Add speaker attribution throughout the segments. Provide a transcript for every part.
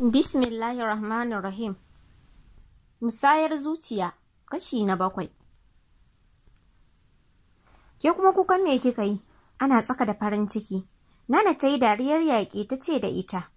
Speaker 1: Bismillahirrahmanirrahim Rahim. Musayar zuciya, kashi na bakwai. Ke kuma kukan me kika yi? Ana tsaka da farin ciki. Nana ta yi dariyar yaƙi ta ce da ita.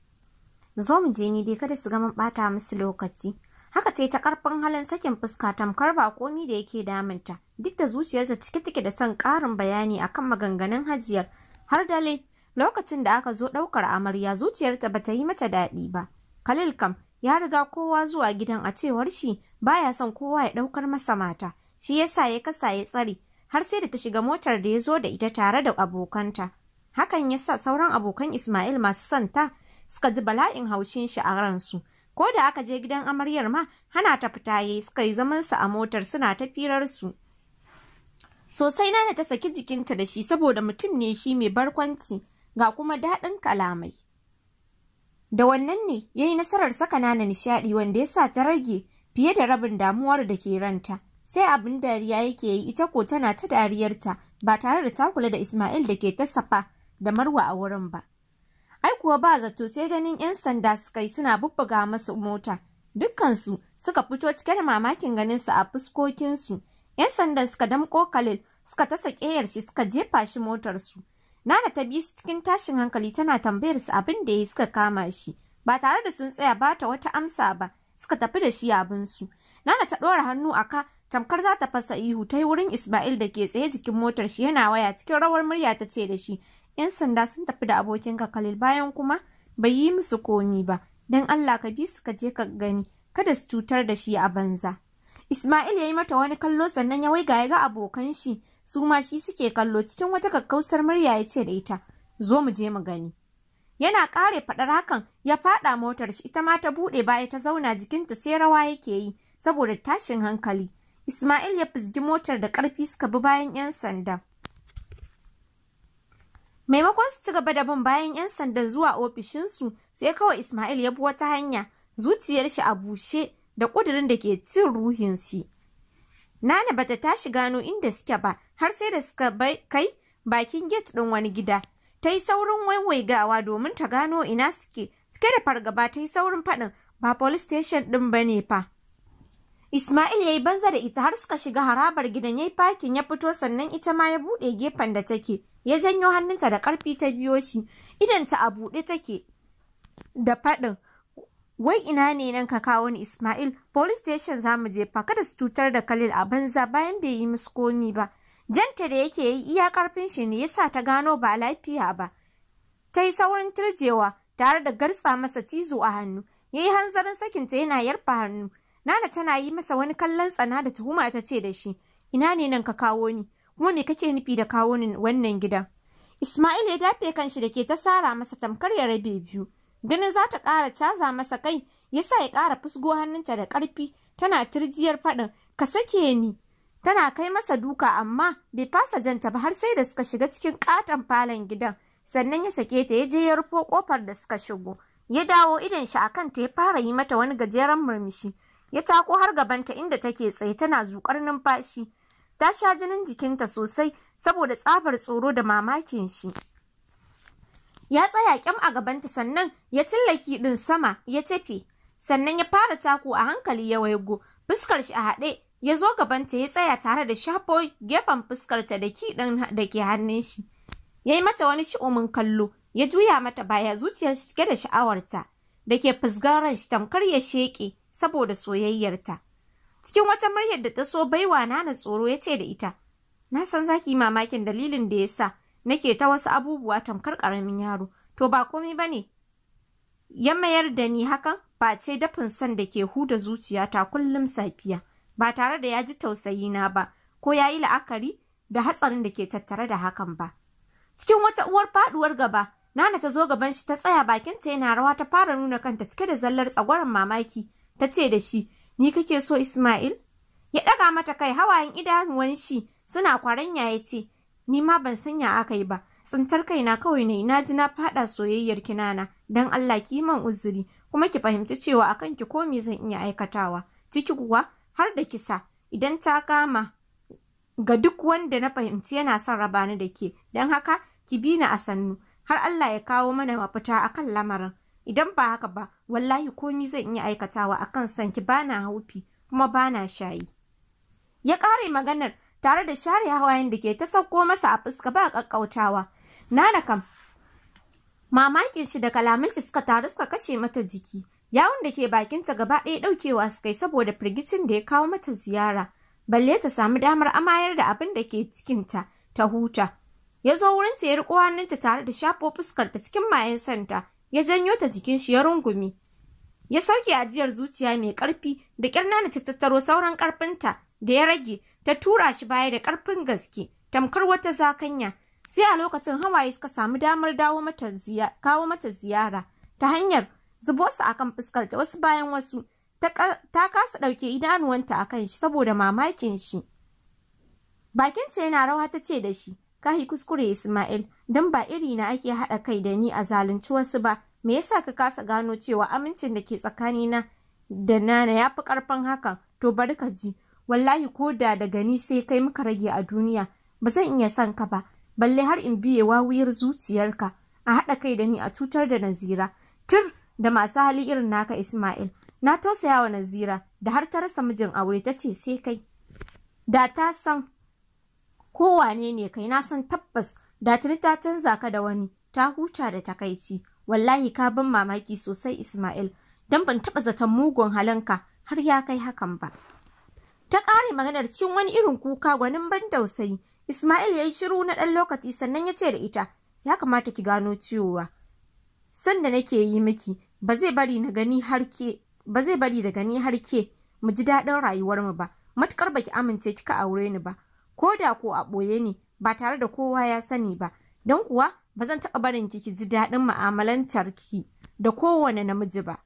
Speaker 1: Zo mu je ni dai kada su gama ɓata musu lokaci. Haka ta yi ta ƙarfin halin sakin fuska tamkar ba komi da yake damunta. Duk da zuciyarta cike take da son ƙarin bayani akan maganganun hajiyar. Har dale, lokacin da aka zo ɗaukar amarya zuciyarta ba ta yi mata daɗi ba. Khalil kam ya riga kowa zuwa gidan a cewar shi baya son kowa ya ɗaukar masa mata, shi yasa ya kasa ya tsare har sai da ta shiga motar da ya zo da ita tare da abokanta. Hakan ya sa sauran abokan Ismail masu son ta suka ji bala'in haushin shi a ransu. Ko da aka je gidan amaryar ma hana ta fita yayi suka yi zamansa a motar suna ta firar su. Sosai Nana ta saki jikinta da shi saboda mutum ne shi mai barkwanci ga kuma daɗin kalamai. Da wannan ne ya yi nasarar saka nana nishaɗi wanda ya sa ta rage fiye da rabin damuwar da ke ranta. Sai abin dariya yake yi ita ko tana ta dariyarta ba tare da ta kula da Ismail da ke ta safa da Marwa a wurin ba. Ai kuwa ba zato sai ganin 'yan sanda suka yi suna bubbuga masu mota. Dukkansu suka fito cike da mamakin ganin su a fuskokinsu. 'Yan sandan suka damko Khalil suka tasa ƙeyar shi suka jefa shi motarsu. Nana ta bi su cikin tashin hankali tana tambayar su abin da ya suka kama shi ba tare da sun tsaya ba ta wata amsa ba suka tafi da shi abin su. Nana ta ɗora hannu a ka tamkar za ta fasa ihu ta yi wurin Ismail da ke tsaye jikin motar shi yana waya cikin rawar murya ta ce da shi ‘yan sanda sun tafi da abokinka Khalil bayan kuma bai yi musu komi ba don Allah ka bi su ka je ka gani kada su cutar da shi a banza. Ismail ya yi mata wani kallo sannan ya waiga ya ga abokan shi su ma shi suke kallo cikin wata kakkausar murya ya ce da ita zo mu je mu gani yana ƙare faɗar hakan ya faɗa motar shi ita ma ta buɗe baya ta zauna jikinta sai rawa yake yi saboda tashin hankali Ismail ya fizgi motar da ƙarfi suka bi bayan 'yan sanda. Maimakon su ci gaba da bin bayan 'yan sanda zuwa ofishinsu sai kawai Ismail ya bi wata hanya zuciyar shi a bushe da ƙudurin da ke cin ruhin shi. Nana bata tashi gano inda suke ba har sai da suka kai bakin gate ɗin wani gida. Ta yi saurin waiwaigawa domin ta gano ina suke, cike da fargaba ta yi saurin faɗin ba police station ɗin ba ne fa. Ismail ya yi banza da ita har suka shiga harabar gidan ya yi fakin ya fito sannan ita ma ya buɗe gefen da take ya janyo hannunta da ƙarfi ta biyo shi idan ta a buɗe take da faɗin wai ina ne nan ka kawo ni Ismail police station za mu je fa kada su tutar da Khalil a banza bayan bai yi musu komi ba janta da yake yi iya karfin shi ne yasa ta gano ba lafiya ba ta yi saurin turjewa tare da garsa masa cizo a hannu ya yi hanzarin ta yana yarfa hannu nana tana yi masa wani kallon tsana da tuhuma ta ce da shi ina ne nan ka kawo ni kuma me kake nufi da kawo ni wannan gida Ismail ya dafe kanshi da ke ta sara masa tamkar ya rabe biyu ganin za ta ƙara caza masa kai yasa ya ƙara fusgo hannunta da ƙarfi tana turjiyar faɗin ka sake ni tana kai masa duka amma bai fasa janta ba har sai da suka shiga cikin katon falon gidan sannan ya sake ta ya je ya rufo kofar da suka shigo ya dawo idon shi akan ta ya fara yi mata wani gajeren murmushi ya tako har gabanta inda take tsaye tana zukar numfashi ta sha jinin jikinta sosai saboda tsabar tsoro da mamakin shi ya tsaya kyam a gabanta sannan ya cillaki din sama ya cefe sannan ya fara tako a hankali ya waigo fuskar shi a haɗe ya zo gabanta ya tsaya tare da shafo gefen fuskarta da ki ɗan da ke hannun shi. Ya yi mata wani shi'umin kallo, ya juya mata baya zuciyar shi cike da sha'awarta da ke fusgaran shi tamkar ya sheƙe saboda soyayyarta. Cikin wata muryar da ta so baiwa nana tsoro ya ce da ita, Na san zaki mamakin dalilin da ya sa nake ta wasu abubuwa tamkar ƙaramin yaro, to ba komai ba ne. Ya mayar da ni hakan ba ce dafin san da ke huda zuciyata kullum safiya. ba tare da ya ji tausayina ba ko ya yi la'akari da hatsarin da ke tattare da hakan ba. Cikin wata uwar faɗuwar gaba, Nana ta zo gaban shi ta tsaya bakinta yana rawa ta fara nuna kanta cike da zallar tsagwaron mamaki ta ce da shi, Ni kake so Ismail? Ya ɗaga mata kai hawayen idanuwan shi suna kwaranya ya ce, Ni ma ban sanya aka yi ba, tsintar kaina kawai ne na ji na faɗa soyayyar kinana don Allah ki man uzuri kuma ki fahimci cewa akan ki komi zan iya aikatawa. Ciki kuwa har da kisa idan ta kama ga duk wanda na fahimci yana son raba ni da ke don haka ki bi ni a sannu har Allah ya kawo mana mafita kan lamarin idan ba haka ba wallahi komi zan iya aikatawa akan sanki bana haufi kuma bana shayi ya ƙare maganar tare da share hawayen da ke ta sauko masa a fuska ba kakkautawa nana kam mamakin shi da kalamanci suka taru suka kashe mata jiki Yawon da ke bakinta gaba ɗaya ɗaukewa su kai saboda firgicin da ya kawo mata ziyara, balle ta samu damar amayar da abin da ke cikinta ta huta. Ya zo wurin ya riƙo hannunta tare da shafo fuskarta cikin mayan santa, ya janyo ta jikin shi ya rungumi. Ya sauke ajiyar zuciya mai ƙarfi da ƙirna ta tattaro sauran ƙarfinta da ya rage ta tura shi baya da ƙarfin gaske tamkar wata zakanya. sai a lokacin hawaye suka samu damar kawo mata ziyara ta hanyar zubo su akan fuskarta wasu bayan wasu ta kasa ɗauke idanuwanta a kan shi saboda mamakin shi bakinta yana rawa ta ce da shi kahi kuskure Ismail don ba iri na ake haɗa kai da ni a zalunci wasu ba me yasa ka kasa gano cewa amincin da ke tsakanina da nana ya fi ƙarfin hakan to bari ka ji wallahi ko da daga ni sai kai muka rage a duniya ba zan iya son ka ba balle har in biye wawuyar zuciyarka a haɗa kai da ni a cutar da nazira tir da masu hali irin naka Ismail. Na tausaya wa Nazira da har ta rasa mijin aure ta ce sai kai. Da ta san kowane ne kai na san tabbas da tuni ta canza ka da wani ta huta da takaici. Wallahi ka bin mamaki sosai Ismail don ban taɓa zaton mugun halinka. har ya kai hakan ba. Ta ƙare maganar cikin wani irin kuka gwanin ban tausayi. Ismail ya yi shiru na ɗan lokaci sannan ya ce da ita, ya kamata ki gano ciwowa. Sanda nake yi miki ba zai bari na gani harke ba zai bari da gani har ke mu ji daɗin rayuwarmu ba matukar baki amince kika aure ni ba ko da ko a ɓoye ne ba tare da kowa ya sani ba don kuwa ba zan taɓa barin ki ji daɗin mu'amalantar ki da kowane namiji ba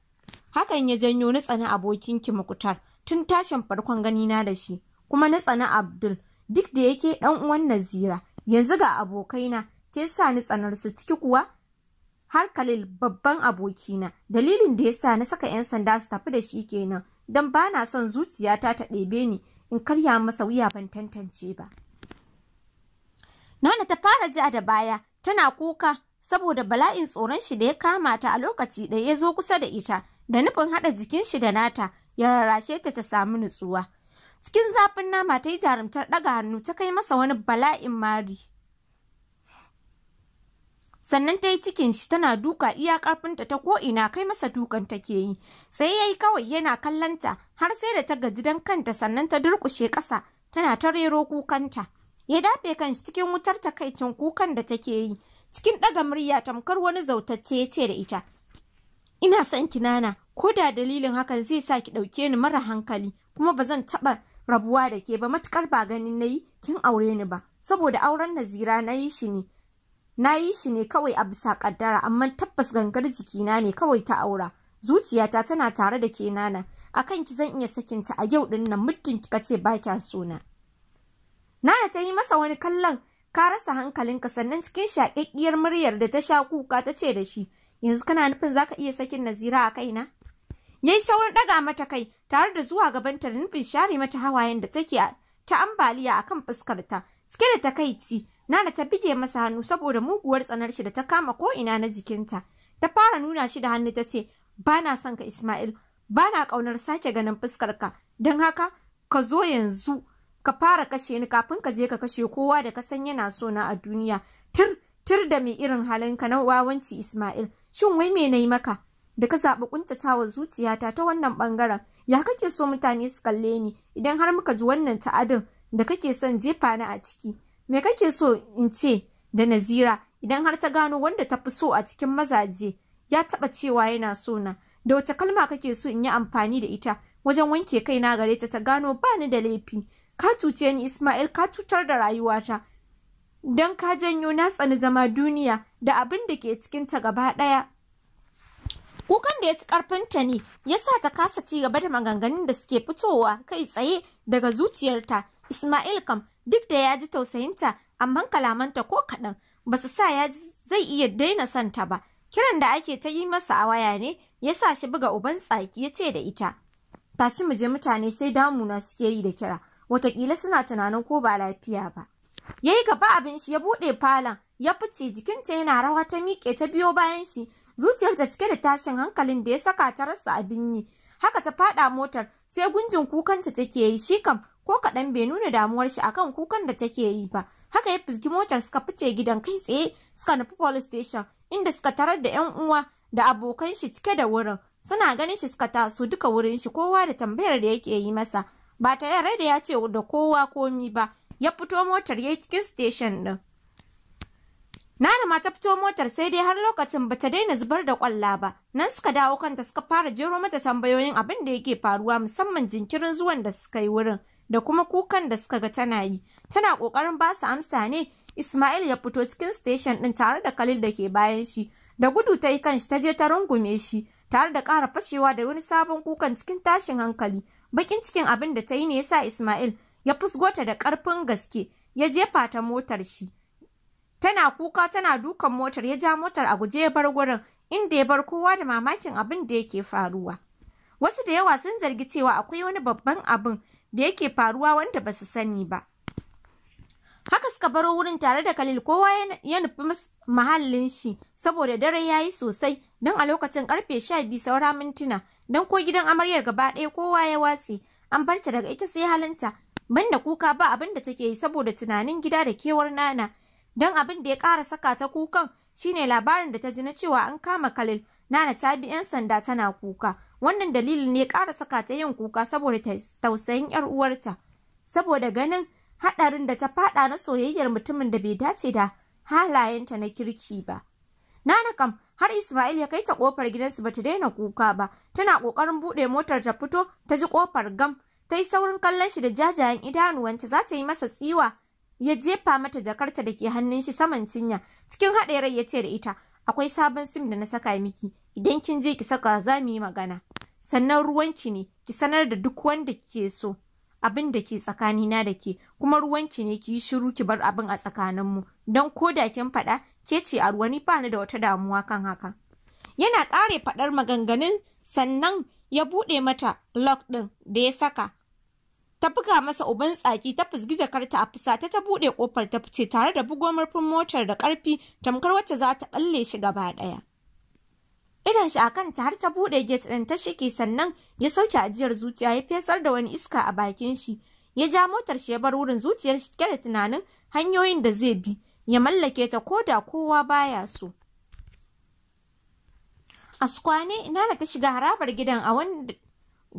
Speaker 1: hakan ya janyo na tsana abokinki mukutar tun tashin farkon gani na da shi kuma na tsana abdul duk da yake dan uwan nazira yanzu ga abokaina ke sa ni tsanar su ciki kuwa har Khalil babban abokina dalilin da ya sa na saka 'yan sanda su tafi da shi kenan don ba na son zuciyata ta ɗebe ni in karya masa wuya ban tantance ba. Nana ta fara ji'a da baya tana kuka saboda bala'in tsoron shi da ya kama ta a lokaci da ya zo kusa da ita da nufin haɗa jikin shi da nata ya rarrashe ta ta samu nutsuwa. Cikin zafin nama ta yi jarumtar ɗaga hannu ta kai masa wani bala'in mari. sannan ta yi cikin shi tana duka iya karfinta ta ko ina kai masa dukan take yi sai ya kawai yana kallanta har sai da ta gaji dan kanta sannan ta durkushe ƙasa tana ta rero kukanta ya dafe kan cikin wutar takaicin kukan da take yi cikin ɗaga murya tamkar wani zautacce ya ce da ita ina son ki nana ko da dalilin hakan zai sa ki ɗauke ni mara hankali kuma ba zan taɓa rabuwa da ke ba matukar ba ganin nayi kin aure ni ba saboda auren nazira na yi shi ne na yi shi ne kawai a bisa ƙaddara, amma tabbas gangar jikina ne kawai ta aura zuciyata tana tare da kenana akan ki zan iya sakin ta a yau din nan muddin kika ce ba kya sona nana ta yi masa wani kallon ka rasa hankalinka sannan cikin shaƙaƙƙiyar muryar da ta sha kuka ta ce da shi yanzu kana nufin zaka iya sakin nazira a kaina ya yi saurin ɗaga mata kai tare da zuwa gabanta da nufin share mata hawayen da take ta ambaliya a akan fuskarta cike da takaici Nana ta bige masa hannu saboda muguwar tsanar shi da ta kama ko ina na jikinta. Ta fara nuna shi da hannu ta ce, "Ba na son ka Ismail, ba na ƙaunar sake ganin fuskar ka don haka ka zo yanzu ka fara kashe ni kafin ka je ka kashe kowa da ka san yana so na a duniya. Tir, tir da mai irin halin ka na wawanci Ismail, shin wai me na yi maka?" Da ka zaɓi ƙuntatawa zuciyata ta wannan ɓangaren, ya kake so mutane su kalle ni idan har muka ji wannan ta'adin da kake son jefa ni a ciki. Me kake so in ce da Nazira idan har ta gano wanda ta fi so a cikin mazaje ya taɓa cewa yana so na da wata kalma kake so in yi amfani da ita wajen wanke kai na gare ta ta gano ba ni da laifi ka cuce ni Ismail ka cutar da rayuwata don ka janyo na tsani zama duniya da abin da ke cikinta gaba ɗaya. Kukan da ya ci ƙarfinta ne ya sa ta kasa ci gaba da maganganun da suke fitowa kai tsaye daga zuciyarta. Ismail kam duk da ya ji tausayinta amma kalamanta ko kaɗan ba su sa ya ji zai iya daina santa ba kiran da ake ta yi masa a waya ne ya sa shi buga uban tsaki ya ce da ita tashi mu je mutane sai damuna suke yi da kira watakila suna tunanin ko ba lafiya ba ya yi gaba abin shi ya buɗe falon ya fice jikinta yana rawa ta miƙe ta biyo bayan shi zuciyarta cike da tashin hankalin da ya saka ta rasa abin yi haka ta faɗa motar sai gunjin kukanta take yi shi kam ko kaɗan bai nuna damuwar shi akan kukan da take yi ba haka ya fizgi motar suka fice gidan kai tsaye suka nufi police station inda suka tarar da yan uwa da abokan shi cike da wurin suna ganin shi suka taso duka wurin shi kowa da tambayar da yake yi masa ba ta yare da ya ce da kowa komi ba ya fito motar ya cikin station din Nana ma ta fito motar sai dai har lokacin ba ta daina zubar da kwalla ba. Nan suka dawo kanta suka fara jero mata tambayoyin abin da yake faruwa musamman jinkirin zuwan da suka yi wurin. da kuma kukan da suka ga tana yi tana kokarin ba su amsa ne Ismail ya fito cikin station ɗin tare da Khalil da ke bayan shi da gudu ta yi kanshi ta je ta rungume shi tare da ƙara fashewa da wani sabon kukan cikin tashin hankali bakin cikin abin da ta yi ne yasa Ismail ya fusgota da ƙarfin gaske ya jefa ta motar shi tana kuka tana dukan motar ya ja motar a guje ya bar gurin inda ya bar kowa da mamakin abin da yake faruwa wasu da yawa sun zargi cewa akwai wani babban abin da yake faruwa wanda ba su sani ba. Haka suka baro wurin tare da Khalil kowa ya nufi muhallin shi saboda dare ya yi sosai don a lokacin karfe sha biyu saura mintuna don ko gidan amaryar gaba ɗaya kowa ya watse an barta daga ita sai halinta banda kuka ba abin da take yi saboda tunanin gida da kewar nana don abin da ya ƙara saka ta kukan shine labarin da ta ji na cewa an kama Khalil Nana ta bi 'yan sanda tana kuka. Wannan dalilin ne ƙara saka ta yin kuka saboda tausayin 'yar uwarta. Saboda ganin haɗarin da ta faɗa na soyayyar mutumin da bai dace da halayenta na kirki ba. Nana kam har Ismail ya kai ta ƙofar gidansu bata daina kuka ba. Tana ƙoƙarin buɗe motar ta fito ta ji ƙofar gam. Ta yi saurin kallon shi da jajayen idanuwanta za ta yi masa tsiwa. Ya jefa mata jakarta da ke hannun shi saman cinya. Cikin haɗe rai ya ce da ita, akwai sabon sim da na saka miki idan kin je ki saka za mu yi magana sannan ruwanki ne ki sanar da duk wanda kike so abin da ke tsakanina da ke kuma ruwanki ne ki yi shiru ki bar abin a tsakaninmu don ko da kin faɗa ke ce a ruwa ni bani da wata damuwa kan haka yana ƙare faɗar maganganun sannan ya buɗe mata lock ɗin da ya saka ta buga masa uban tsaki ta fizgi karta a fusata ta ta buɗe kofar ta fice tare da bugo murfin motar da karfi tamkar wacce za ta ɓalle shi gaba ɗaya. Idan shi a kanta har ta buɗe gate din ta shike sannan ya sauke ajiyar zuciya ya fesar da wani iska a bakin shi ya ja motar shi ya bar wurin zuciyar shi da tunanin hanyoyin da zai bi ya mallake ta koda kowa baya so. Askwane ina da ta shiga harabar gidan a wanda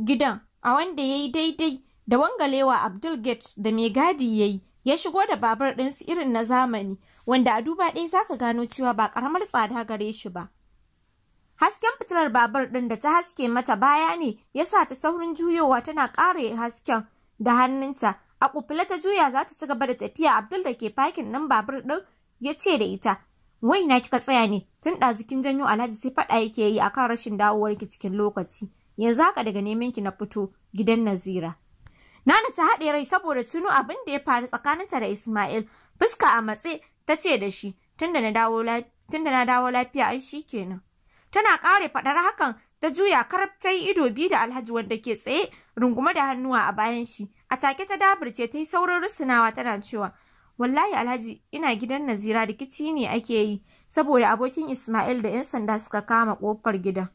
Speaker 1: gidan a wanda yayi daidai da wangalewa Abdul Gates da mai gadi yi, ya shigo da babur ɗinsu irin na zamani wanda a duba ɗaya zaka gano cewa ba ƙaramar tsada gare shi ba. Hasken fitilar babur ɗin da ta haske mata baya ne ya sa ta saurin juyowa tana ƙara hasken da hannunta. A kufula ta juya za ta ci gaba da tafiya Abdul da ke fakin nan babur ɗin ya ce da ita. Wai na kika tsaya ne tun ɗazikin janyo Alhaji sai faɗa yake yi akan rashin dawowarki cikin lokaci. Yanzu haka daga neman ki na fito gidan Nazira. Nana ta haɗe rai saboda tuno abin da ya faru tsakaninta da Ismail. Fuska a matse ta ce da shi tunda na dawo lafiya ai shi kenan. Tana ƙare faɗar hakan ta juya karab ta yi ido biyu da alhaji wanda ke tsaye rungume da hannuwa a bayan shi. A take ta daburce ta yi saurin rusunawa tana cewa wallahi alhaji ina gidan nazira rikici ne ake yi saboda abokin Ismail da 'yan sanda suka kama ƙofar gidan.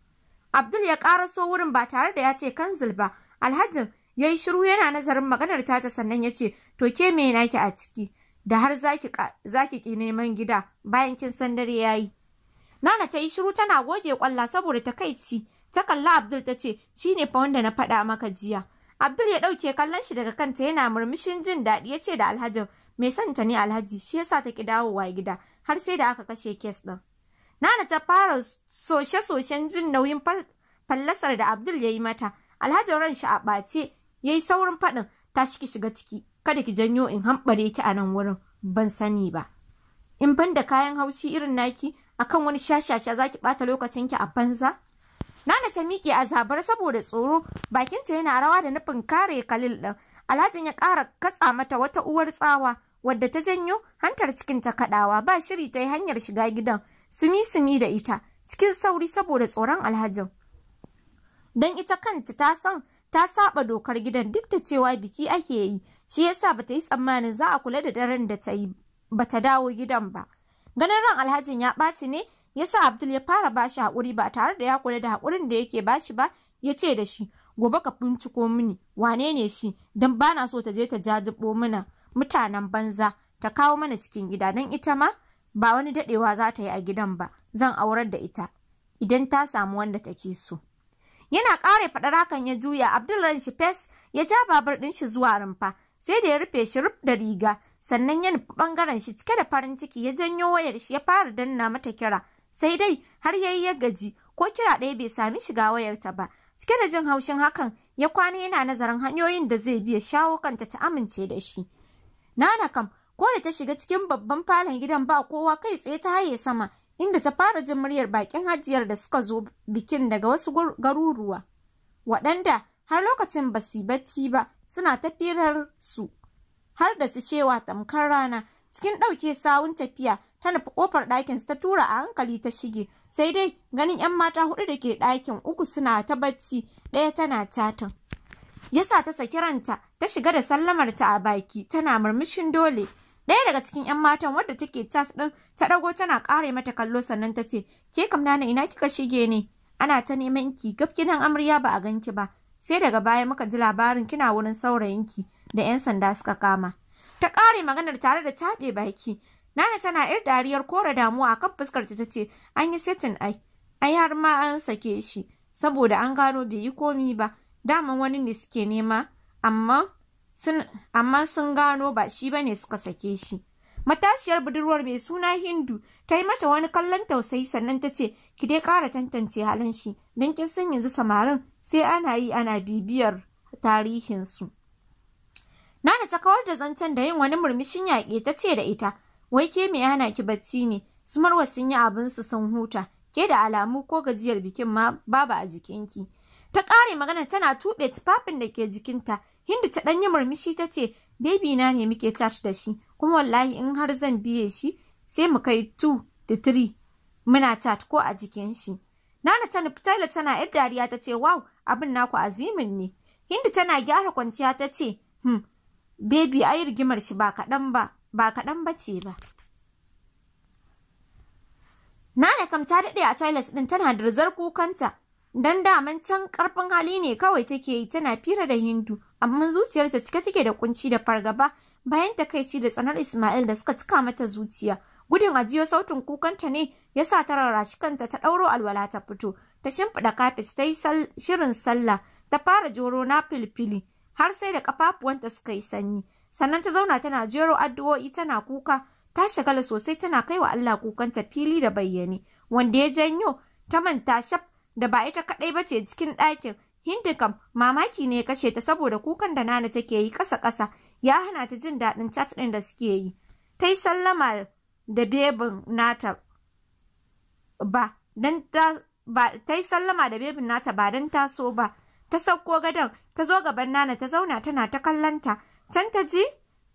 Speaker 1: Abdul ya ƙaraso wurin ba tare da ya ce kanzil ba alhajin Ya yi shiru yana nazarin maganar tata sannan ya ce, To ke me naki a ciki, da har za ki ki neman gida bayan kin san dare ya yi. Nana ta yi shiru tana goge kwalla saboda ta kai ci ta kalla Abdul ta ce, Shi ne fa wanda na faɗa maka jiya. Abdul ya ɗauke kallon shi daga kanta yana murmushin jin daɗi ya ce da Alhajin, Me ta ne Alhaji, shi yasa ta ki dawowa gida, har sai da aka kashe kes ɗin. Nana ta fara soshe-soshen jin nauyin fallasar da Abdul ya yi mata, Alhajin ran shi a ɓace ya yi saurin faɗin ta ki shiga ciki kada ki janyo in hambare ki a nan wurin ban sani ba in ban da kayan haushi irin naki akan wani shashasha zaki bata lokacin ki a banza Nana ta miƙe a zabar saboda tsoro bakinta yana rawa da nufin kare kalil ɗin. Alhajin ya ƙara katsa mata wata uwar tsawa wadda ta janyo hantar cikin ta kaɗawa ba shiri ta yi hanyar shiga gidan sumi sumi da ita cikin sauri saboda tsoron alhajin. Don ita kanta ta san ta saba dokar gidan duk da cewa biki ake yi shi yasa bata yi tsammanin za a kula da daren da ta yi ba ta dawo gidan ba ganin ran alhajin ya ɓaci ne yasa abdul ya fara bashi haƙuri ba tare da ya kula da haƙurin da yake bashi ba ya ce da shi gobe ka binciko mini wane ne shi don bana so ta je ta jajibo mana mutanen banza ta kawo mana cikin gida don ita ma ba wani daɗewa za ta yi a gidan ba zan aurar da ita idan ta samu wanda take so. yana ƙare faɗar hakan ya juya abdul ranshi fes ya ja babur ɗin shi zuwa rumfa sai da ya rufe shi rub da riga sannan ya nufi ɓangaren shi cike da farin ciki ya janyo wayar shi ya fara danna mata kira sai dai har yayi ya gaji ko kira ɗaya bai sami shiga wayarta ba cike da jin haushin hakan ya kwana yana nazarin hanyoyin da zai biya shawo kanta ta amince da shi nana kam ko da ta shiga cikin babban falon gidan ba kowa kai tsaye ta haye sama inda ta fara jin muryar bakin hajiyar da suka zo bikin daga wasu garuruwa waɗanda har lokacin ba su bacci ba suna tafirar su har da su shewa tamkar rana cikin ɗauke sawun tafiya ta nufi ƙofar ɗakin ta tura a hankali ta shige sai dai ganin 'yan mata huɗu da ke ɗakin uku suna ta bacci ɗaya tana catin yasa ta saki ranta ta shiga da sallamarta a baki tana murmushin dole Ɗaya daga cikin 'yan matan wadda take chat ɗin ta ɗago tana ƙare mata kallo sannan ta ce, Ke kam nana ina kika shige ne? Ana ta neman ki gafkinan amarya ba a ganki ba. Sai daga baya muka ji labarin kina wurin saurayin ki,' da 'yan sanda suka kama. Ta ƙare maganar tare da taɓe baki. Nana tana 'yar dariyar kore damuwa kan fuskarta ta ce, An yi setin ai, ai har ma an sake shi, saboda an gano bai yi komi ba, daman wani ne suke nema, amma sun amma sun gano ba shi bane suka sake shi matashiyar budurwar mai suna hindu ta yi mata wani kallon tausayi sannan ta ce ki dai kara tantance halin shi don kin san yanzu samarin sai ana yi ana bibiyar tarihin tarihinsu nana ta kawar da zancen da yin wani murmushin yaƙi ta ce da ita wai ke me hana ki bacci ne su marwa sun yi su sun huta ke da alamu ko gajiyar bikin ma babu a jikinki ta ƙare magana tana tuɓe tufafin da ke jikinta Hindu ta ɗan yi murmushi ta ce, Baby na ne muke charge da shi, kuma wallahi in har zan biye shi, sai mu kai 2 da 3 muna chat ko a jikin shi. Nana ta nufi Taylor tana ‘yar dariya ta ce, Wow, abin naku azimin ne. Hindu tana gyara kwanciya ta ce, Hmm, baby ai rigimar shi ba kaɗan ba, ba kaɗan ba ce ba. Nana kam ta daɗe a toilet ɗin tana da rizar kukanta, don daman can ƙarfin hali ne kawai take yi tana fira da Hindu, amma zuciyarta cike take da kunci da fargaba bayan takaici da tsanar Ismail da suka cika mata zuciya. Gudun ajiyo sautin kukanta ne ya sa ta rarrashi kanta ta ɗauro alwala ta fito, ta shimfiɗa kafet ta yi shirin sallah, ta fara joro na filfili har sai da kafafuwanta suka yi sanyi. Sannan ta zauna tana jero addu'o'i tana kuka, ta shagala sosai tana kai wa Allah kukanta fili da bayyane, wanda ya janyo ta manta shaf da ba ita kaɗai ba ce cikin ɗakin Hindi kam mamaki ne kashe ta saboda kukan da Nana take yi ƙasa-ƙasa ya hana ta jin daɗin chat ɗin da suke yi. Ta yi sallama da bebin nata ba don ta ba ta yi sallama da bebin nata ba don ta so ba. Ta sauko gadon ta zo gaban Nana ta zauna tana ta kallanta. Can ta ji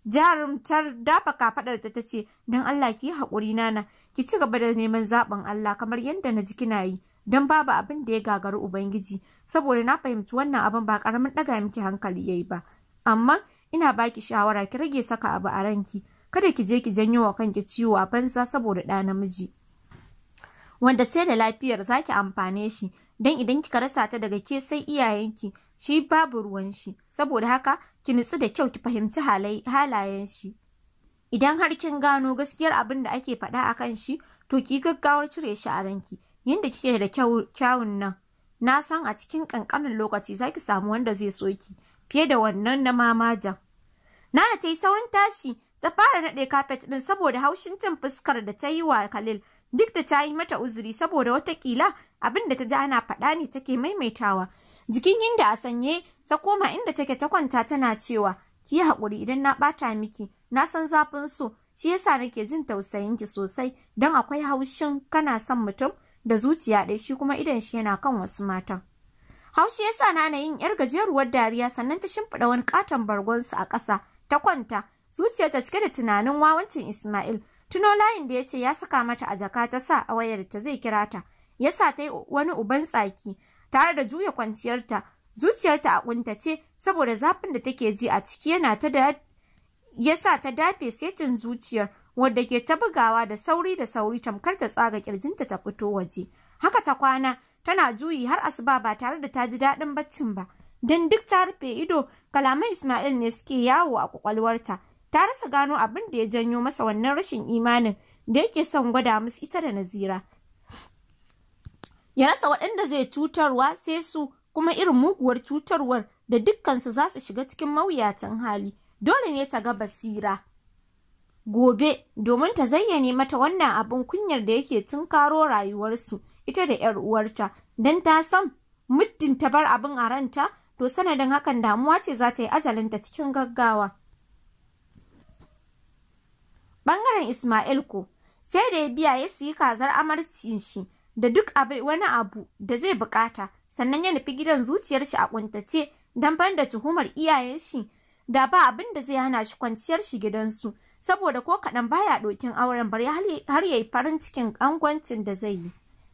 Speaker 1: jarumtar dafa kafaɗarta ta ce don Allah ki haƙuri Nana ki ci gaba da neman zaɓin Allah kamar yadda na ji kina yi. don babu abin da ya gagari ubangiji saboda na fahimci wannan abin ba karamin daga miki hankali yayi ba amma ina baki shawara ki rage saka abu a ranki kada ki je ki janyo wa kanki ciwo a banza saboda ɗa namiji wanda sai da lafiyar zaki amfane shi don idan kika rasa ta daga ke sai iyayenki shi babu ruwan shi saboda haka ki nutsu da kyau ki fahimci halayen shi idan har kin gano gaskiyar abin da ake faɗa kan shi to ki gaggawar cire shi a ranki yadda kike da kyawun nan na san a cikin ƙanƙanin lokaci za ki samu wanda zai so ki fiye da wannan na mamajan nana ta yi saurin tashi ta fara naɗe kafet ɗin saboda haushin cin fuskar da ta yi wa khalil duk da ta yi mata uzuri saboda watakila abin da ta ji ana faɗa ne take maimaitawa jikin yinda a sanye ta koma inda take ta kwanta tana cewa ki yi haƙuri idan na ɓata miki na san zafin so shi yasa nake jin tausayin ki sosai don akwai haushin kana son mutum da zuciya ɗaya shi kuma idan shi yana kan wasu matan. Haushi ya sa nana yin yar gajeruwar dariya sannan ta shimfiɗa wani katon bargonsu a ƙasa ta kwanta zuciyarta cike da tunanin wawancin Ismail tuno layin da ya ce ya saka mata a jaka ta sa a wayar ta zai kira ta ya sa ta yi wani uban tsaki tare da juya kwanciyarta zuciyarta a kuntace saboda zafin da take ji a ciki yana ta da ya sa ta dafe setin zuciyar wadda ke ta bugawa da sauri da sauri tamkar ta tsaga kirjinta ta fito waje. Haka ta kwana tana juyi har asuba ba tare da ta ji daɗin baccin ba. Don duk ta rufe ido kalaman Ismail ne suke yawo a kwakwalwarta. Ta rasa gano abin da ya janyo masa wannan rashin imanin da yake son gwada musu ita da Nazira. Ya rasa waɗanda zai cutarwa sai su kuma irin muguwar cutarwar da dukkansu za su shiga cikin mawuyacin hali. Dole ne ta ga basira. gobe domin ta zayyane mata wannan abin kunyar da yake tunkaro rayuwarsu ita da 'yar uwarta don ta san muddin ta bar abin a ranta to sanadin hakan damuwa ce za ta yi ajalinta cikin gaggawa. Bangaren Ismail ko sai da ya biya ya siyi kazar amarcin shi da duk wani abu da zai bukata sannan ya nufi gidan zuciyar shi a kuntace don da tuhumar iyayen shi da ba abin da zai hana shi kwanciyar shi gidansu. saboda ko kaɗan baya ɗokin auren bari har ya yi farin cikin angwancin da zai yi.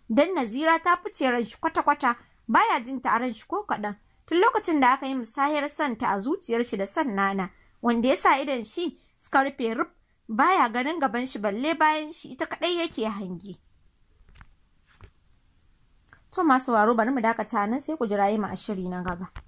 Speaker 1: Dan Nazira ta fice ran shi kwata-kwata baya jin ta a shi ko kaɗan. Tun lokacin da aka yi musayar santa a zuciyar shi da san nana wanda ya sa idan shi suka rufe rub baya ganin gaban shi balle bayan shi ita kaɗai yake hange To masu waro bari mu dakata nan sai ku jira yi ma shiri na gaba.